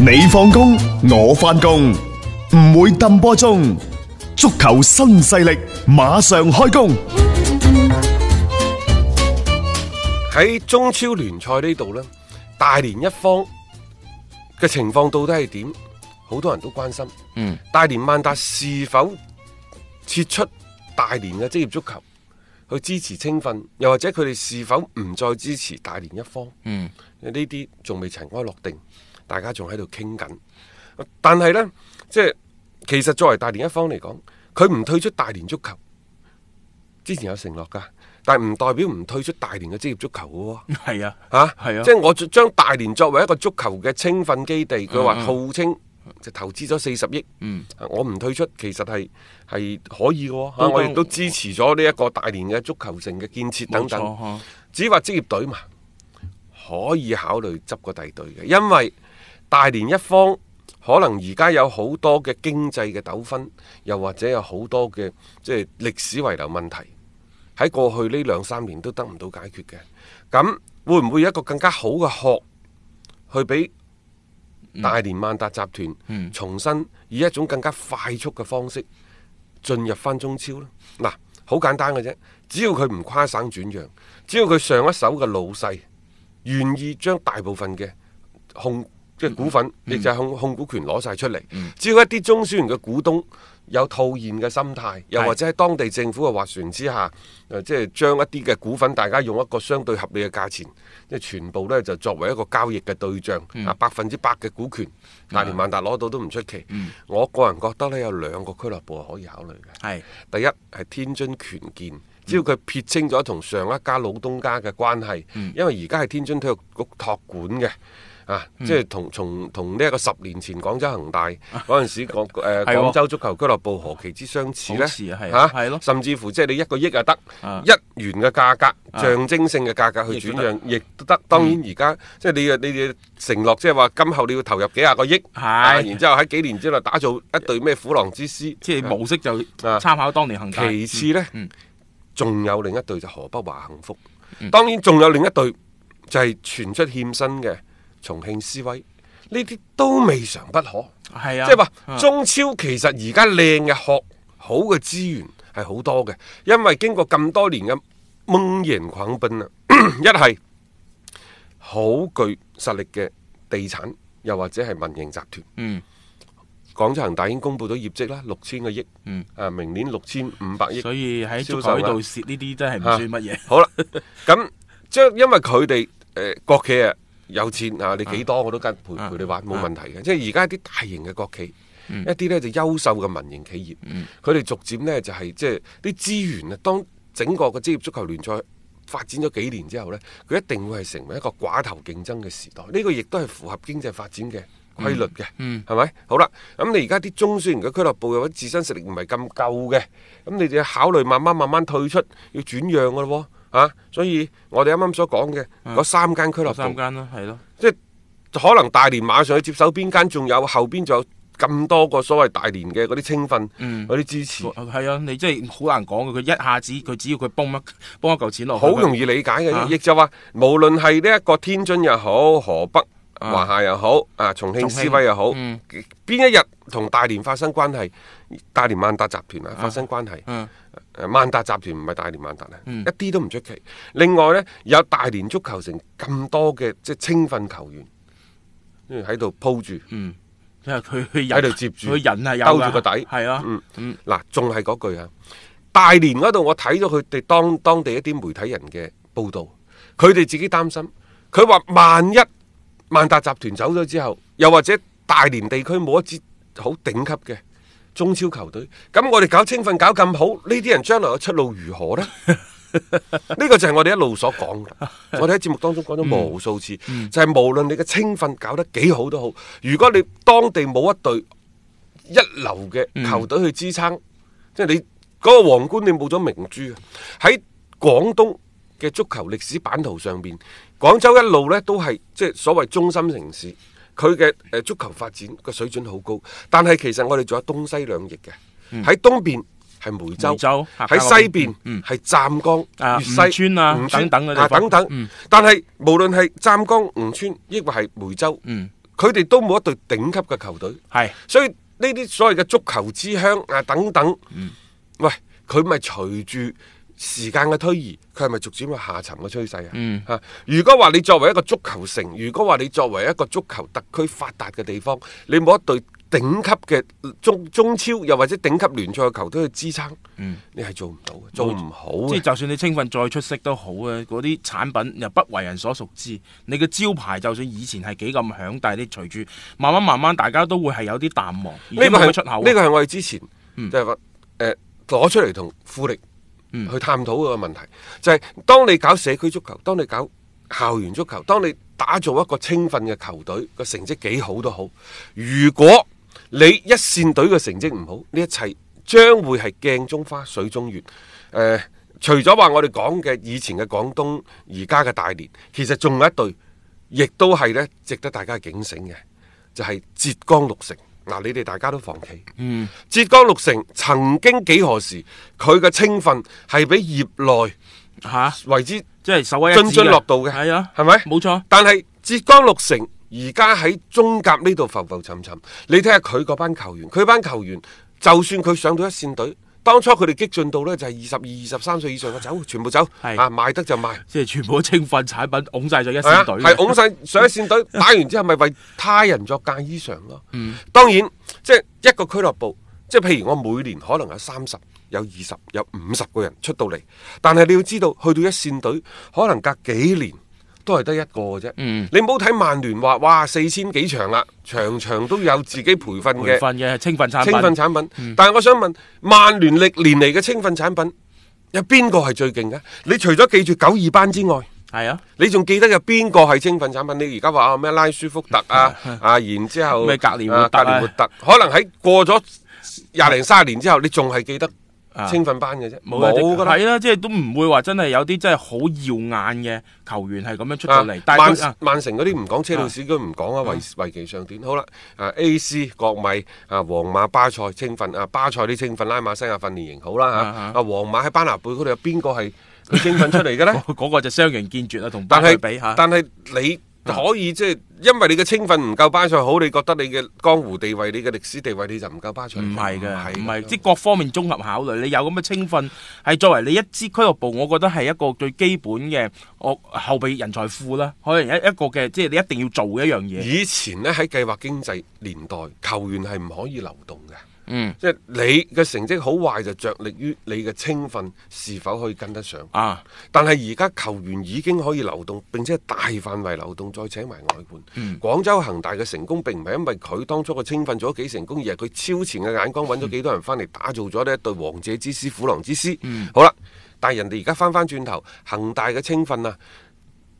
你放工，我翻工，唔會撳波鐘。足球新勢力馬上開工。喺中超聯賽呢度呢，大連一方嘅情況到底係點？好多人都關心。嗯，大連萬達是否撤出大連嘅職業足球，去支持青訓，又或者佢哋是否唔再支持大連一方？嗯，呢啲仲未塵埃落定。大家仲喺度傾緊，但係呢，即係其實作為大連一方嚟講，佢唔退出大連足球，之前有承諾噶，但係唔代表唔退出大連嘅職業足球喎。係啊，即係我將大連作為一個足球嘅青訓基地，佢話、啊、號稱、嗯、就投資咗四十億，我唔退出，其實係係可以噶、啊，剛剛我亦都支持咗呢一個大連嘅足球城嘅建設等等，只話職業隊嘛，可以考慮執個第隊嘅，因為。大連一方可能而家有好多嘅經濟嘅糾紛，又或者有好多嘅即係歷史遺留問題喺過去呢兩三年都得唔到解決嘅。咁會唔會有一個更加好嘅殼去俾大連萬達集團重新以一種更加快速嘅方式進入翻中超呢？嗱，好簡單嘅啫，只要佢唔跨省轉讓，只要佢上一手嘅老細願意將大部分嘅控。即係股份，亦就係控控股權攞晒出嚟。只要一啲中小型嘅股東有套現嘅心態，又或者喺當地政府嘅斡旋之下，誒即係將一啲嘅股份，大家用一個相對合理嘅價錢，即係全部呢就作為一個交易嘅對象，啊百分之百嘅股權，大連萬達攞到都唔出奇。我個人覺得呢，有兩個俱樂部係可以考慮嘅。係第一係天津權健，只要佢撇清咗同上一家老東家嘅關係，因為而家係天津體育局託管嘅。啊！即係同從同呢一個十年前廣州恒大嗰陣時廣誒廣州足球俱樂部何其之相似呢？吓，係咯，甚至乎即係你一個億就得一元嘅價格，象徵性嘅價格去轉讓亦都得。當然而家即係你你哋嘅承諾，即係話今後你要投入幾廿個億，然之後喺幾年之內打造一隊咩虎狼之師，即係模式就參考當年恒大。其次呢，仲有另一隊就河北華幸福，當然仲有另一隊就係傳出欠薪嘅。重慶斯威呢啲都未嘗不可，係啊，即係話中超其實而家靚嘅殼、好嘅資源係好多嘅，因為經過咁多年嘅蒙眼狂奔啦， 一係好具實力嘅地產，又或者係民營集團。嗯，廣州恒大已經公布咗業績啦，六千個億。誒、嗯，明年六千五百億。所以喺足球度蝕呢啲真係唔算乜嘢，好啦，咁將因為佢哋誒國企啊。有錢啊！你幾多我都跟陪陪你玩冇問題嘅。即係而家啲大型嘅國企，嗯、一啲呢就優秀嘅民營企業，佢哋、嗯、逐漸呢就係、是、即係啲資源啊。當整個嘅職業足球聯賽發展咗幾年之後呢，佢一定會係成為一個寡頭競爭嘅時代。呢、這個亦都係符合經濟發展嘅規律嘅，係咪、嗯嗯？好啦，咁、嗯、你而家啲中小型嘅俱樂部或者自身實力唔係咁夠嘅，咁、嗯、你哋要考慮慢慢慢慢退出，要轉讓噶咯喎。啊！所以我哋啱啱所講嘅嗰三間俱樂部，三間咯，係咯，即係可能大連馬上去接手邊間，仲有後邊仲有咁多個所謂大連嘅嗰啲青訓嗰啲支持，係啊、嗯！你即係好難講嘅，佢一下子佢只要佢崩一崩一嚿錢落去，好容易理解嘅，亦、啊、就話無論係呢一個天津又好河北。華、啊、夏又好啊，重慶斯威又好，邊、嗯、一日同大連發生關係？大連萬達集團啊，發生關係？誒、啊，萬、嗯、達、啊、集團唔係大連萬達啊，嗯、一啲都唔出奇。另外呢，有大連足球城咁多嘅即係青訓球員喺度鋪住，鋪嗯，即佢喺度接住佢人係兜住個底，係咯、啊，嗱、嗯，仲係嗰句啊，大連嗰度我睇到佢哋當當地一啲媒體人嘅報道，佢哋自己擔心，佢話萬一。萬一萬達集團走咗之後，又或者大連地區冇一支好頂級嘅中超球隊，咁我哋搞青訓搞咁好，呢啲人將來嘅出路如何呢？呢個就係我哋一路所講，我哋喺節目當中講咗無數次，就係無論你嘅青訓搞得幾好都好，如果你當地冇一隊一流嘅球隊去支撐，即係你嗰個皇冠你冇咗明珠喺廣東。嘅足球歷史版圖上邊，廣州一路咧都係即係所謂中心城市，佢嘅誒足球發展嘅水準好高。但係其實我哋仲有東西兩翼嘅，喺東邊係梅州，喺西邊係湛江、粵西村啊、吳川等等等。但係無論係湛江吳川，亦或係梅州，嗯，佢哋都冇一隊頂級嘅球隊，係所以呢啲所謂嘅足球之鄉啊等等，喂，佢咪隨住？時間嘅推移，佢係咪逐漸會下沉嘅趨勢啊？嗯，吓如果話你作為一個足球城，如果話你作為一個足球特區發達嘅地方，你冇一隊頂級嘅中中超又或者頂級聯賽嘅球隊去支撐，嗯、你係做唔到嘅。做唔好、嗯嗯。即係就算你青訓再出色都好咧，嗰啲產品又不為人所熟知，你嘅招牌就算以前係幾咁響，但係你隨住慢慢慢慢，大家都會係有啲淡忘。呢個係出口，呢個係我哋之前即係話誒攞出嚟同富力。嗯嗯嗯去探討個問題，就係、是、當你搞社區足球，當你搞校園足球，當你打造一個青訓嘅球隊，個成績幾好都好。如果你一線隊嘅成績唔好，呢一切將會係鏡中花水中月。誒、呃，除咗話我哋講嘅以前嘅廣東，而家嘅大連，其實仲有一隊，亦都係咧值得大家警醒嘅，就係、是、浙江綠城。嗱，你哋大家都放棄，嗯，浙江綠城曾經幾何時，佢嘅青訓係俾業內吓為之即係所謂津津樂道嘅，係啊，係咪？冇錯。但係浙江綠城而家喺中甲呢度浮浮沉沉，你睇下佢嗰班球員，佢班球員就算佢上到一線隊。當初佢哋激進到呢，就係二十二、二十三歲以上嘅走，全部走，是啊，賣得就賣，即係全部都青訓產品，擁曬咗一線隊，係擁曬上一線隊，打完之後咪為他人作嫁衣裳咯。嗯、當然，即係一個俱樂部，即係譬如我每年可能有三十、有二十、有五十個人出到嚟，但係你要知道，去到一線隊，可能隔幾年。都係得一個嘅啫，嗯、你唔好睇曼聯話，哇四千幾場啦，場場都有自己培訓嘅培訓嘅青訓產品。青訓清產品，產品嗯、但係我想問，曼聯歷年嚟嘅青訓產品有邊個係最勁嘅？你除咗記住九二班之外，係啊，你仲記得有邊個係青訓產品？你而家話啊咩拉舒福特啊 啊，然之後咩格連格連活特，啊、可能喺過咗廿零卅年之後，你仲係記得？青訓班嘅啫，冇睇啦，即係都唔會話真係有啲真係好耀眼嘅球員係咁樣出咗嚟。但係曼曼城嗰啲唔講車路士，都唔講啊，維維其上點好啦。啊，A.C. 國米啊，皇馬、巴塞青訓啊，巴塞啲青訓、拉馬西亞訓練營好啦吓。啊，皇馬喺班拿貝嗰度有邊個係佢青訓出嚟嘅咧？嗰個就雙人見絕啊，同班拿比吓。但係你。可以即係，就是、因為你嘅青訓唔夠巴塞好，你覺得你嘅江湖地位、你嘅歷史地位，你就唔夠巴塞，唔係噶，係唔係？即係、就是、各方面綜合考慮，你有咁嘅青訓，係作為你一支俱樂部，我覺得係一個最基本嘅我後備人才庫啦。可能一一個嘅，即、就、係、是、你一定要做嘅一樣嘢。以前咧喺計劃經濟年代，球員係唔可以流動嘅。嗯，即係你嘅成績好壞就着力於你嘅青訓是否可以跟得上啊？但係而家球員已經可以流動，並且係大範圍流動，再請埋外援。嗯、廣州恒大嘅成功並唔係因為佢當初嘅青訓做咗幾成功，而係佢超前嘅眼光揾咗幾多人翻嚟，打造咗呢一隊王者之師、虎狼之師。嗯、好啦，但係人哋而家翻翻轉頭，恒大嘅青訓啊，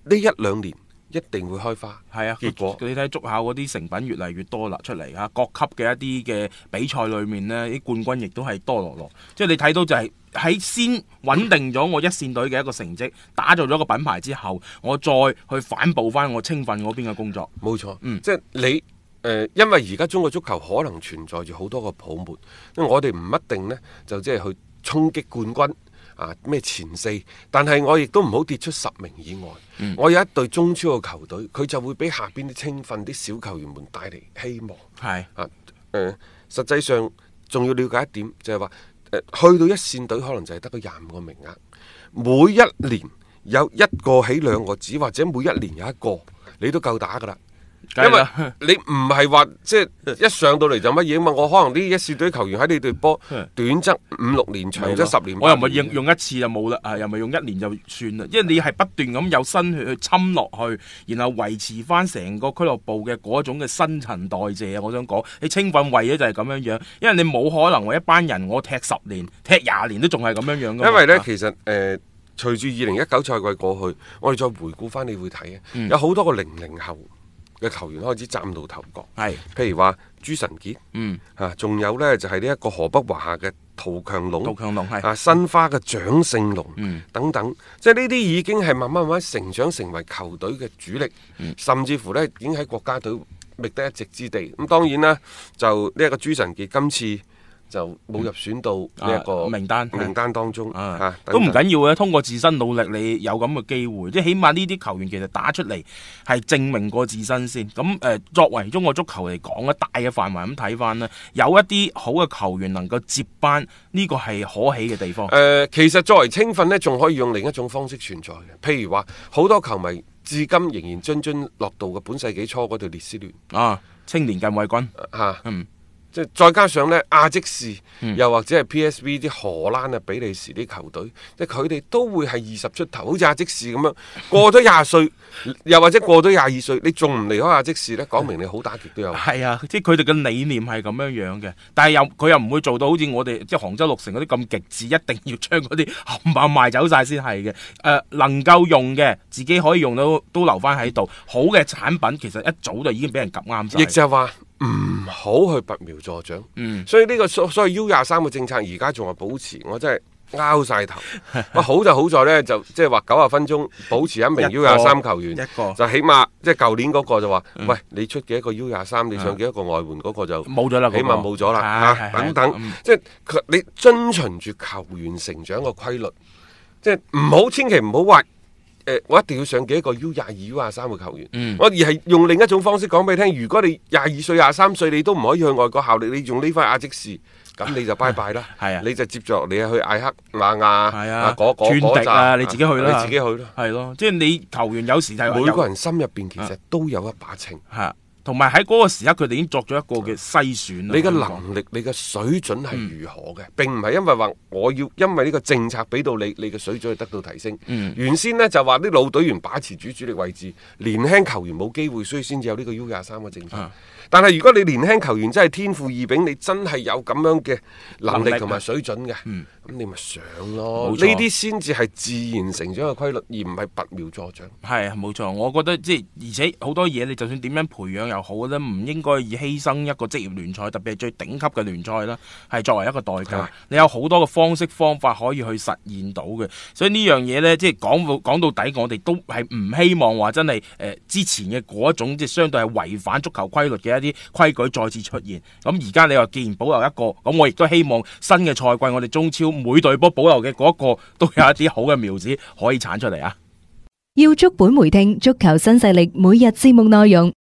呢一兩年。一定會開花，係啊！結果你睇足校嗰啲成品越嚟越多啦，出嚟吓，各級嘅一啲嘅比賽裏面呢，啲冠軍亦都係多落落。即係你睇到就係喺先穩定咗我一線隊嘅一個成績，嗯、打造咗個品牌之後，我再去反哺翻我青訓嗰邊嘅工作。冇錯，嗯，即係你誒、呃，因為而家中國足球可能存在住好多個泡沫，嗯、因為我哋唔一定呢，就即係去衝擊冠軍。啊！咩前四？但係我亦都唔好跌出十名以外。嗯、我有一隊中超嘅球隊，佢就會俾下邊啲青訓啲小球員們帶嚟希望。係是啊，誒、呃，實際上仲要了解一點，就係、是、話，呃，去到一線隊可能就係得個廿五個名額，每一年有一個起兩個子，或者每一年有一個，你都夠打㗎啦。因為你唔係話即係一上到嚟，就乜嘢嘛，我可能呢一線隊球員喺你隊波，短則五六年，長則十年，年我又唔係用用一次就冇啦，啊，又咪用一年就算啦，因為你係不斷咁有新血去侵落去，然後維持翻，成個俱樂部嘅嗰種嘅新陳代謝啊，我想講，你青訓為咗就係咁樣樣，因為你冇可能我一班人我踢十年、踢廿年都仲係咁樣樣。因為咧，其實誒、呃，隨住二零一九賽季過去，我哋再回顧翻，你會睇啊，嗯、有好多個零零後。嘅球員開始站到頭角，係是譬如話朱晨傑，嗯嚇，仲有呢就係呢一個河北華夏嘅陶強龍，陶強龍、啊申花嘅蔣聖龍，嗯、等等，即係呢啲已經係慢慢慢慢成長成為球隊嘅主力，嗯、甚至乎呢已經喺國家隊覓得一席之地。咁當然啦，就呢一個朱晨傑今次。就冇入選到呢個名單，啊、名單名單當中啊，等等都唔緊要嘅。通過自身努力，你有咁嘅機會，即起碼呢啲球員其實打出嚟係證明過自身先。咁誒、呃，作為中國足球嚟講咧，大嘅範圍咁睇翻咧，有一啲好嘅球員能夠接班，呢、這個係可喜嘅地方。誒、呃，其實作為青訓呢，仲可以用另一種方式存在嘅，譬如話好多球迷至今仍然津津樂道嘅本世紀初嗰隊列斯聯啊，青年近衛軍嚇、啊、嗯。再加上呢，亞積士又或者係 PSV 啲荷蘭啊、比利時啲球隊，即佢哋都會係二十出頭，好似亞積士咁樣過咗廿歲， 又或者過咗廿二歲，你仲唔離開亞積士呢？講明你好打極都有。係啊，即係佢哋嘅理念係咁樣樣嘅，但係又佢又唔會做到好似我哋即係杭州綠城嗰啲咁極致，一定要將嗰啲冚唪唥賣走晒先係嘅。誒、呃，能夠用嘅自己可以用到都，都留翻喺度，嗯、好嘅產品其實一早就已經俾人揀啱曬。亦就係話。唔好去拔苗助長，嗯、所以呢個所所謂 U 廿三個政策而家仲係保持，我真係拗晒頭。 好就好在呢，就即係話九十分鐘保持一名 U 廿三球員，一個一個就起碼即係舊年嗰個就話，嗯、喂你出幾多個 U 廿三，你上幾多個外援嗰個就冇咗啦，起碼冇咗啦，等等，即係、嗯、你遵循住球員成長個規律，即係唔好千祈唔好話。誒、呃，我一定要上幾多個 U 廿二、U 廿三嘅球員。嗯、我而係用另一種方式講俾你聽，如果你廿二歲、廿三歲，你都唔可以去外國效力，你用呢番亞即士，咁你就拜拜啦。係啊，你就接著、啊、你去艾克、拉、啊、亞、嗰嗰嗰站，啊啊、你自己去啦，你自己去咯。係咯、啊，即、就、係、是、你球員有時就每個人心入邊其實都有一把秤。啊啊啊同埋喺嗰個時刻，佢哋已經作咗一個嘅篩選，對你嘅能力、嗯、你嘅水準係如何嘅？並唔係因為話我要因為呢個政策俾到你，你嘅水準係得到提升。嗯、原先咧就話啲老隊員把持主主力位置，年輕球員冇機會，所以先至有呢個 U 廿三嘅政策。嗯、但係如果你年輕球員真係天賦異稟，你真係有咁樣嘅能力同埋水準嘅，咁、嗯、你咪上咯。呢啲先至係自然成長嘅規律，而唔係拔苗助長，係啊、嗯，冇錯，我覺得即係而且好多嘢，你就算點樣培養。好咧，唔應該以犧牲一個職業聯賽，特別係最頂級嘅聯賽啦，係作為一個代價。的你有好多嘅方式方法可以去實現到嘅，所以呢樣嘢呢，即係講到講到底，我哋都係唔希望話真係誒、呃、之前嘅嗰一種即係相對係違反足球規律嘅一啲規矩再次出現。咁而家你話既然保留一個，咁我亦都希望新嘅賽季我哋中超每隊波保留嘅嗰一個都有一啲好嘅苗子可以產出嚟啊！要足本回聽足球新勢力每日節目內容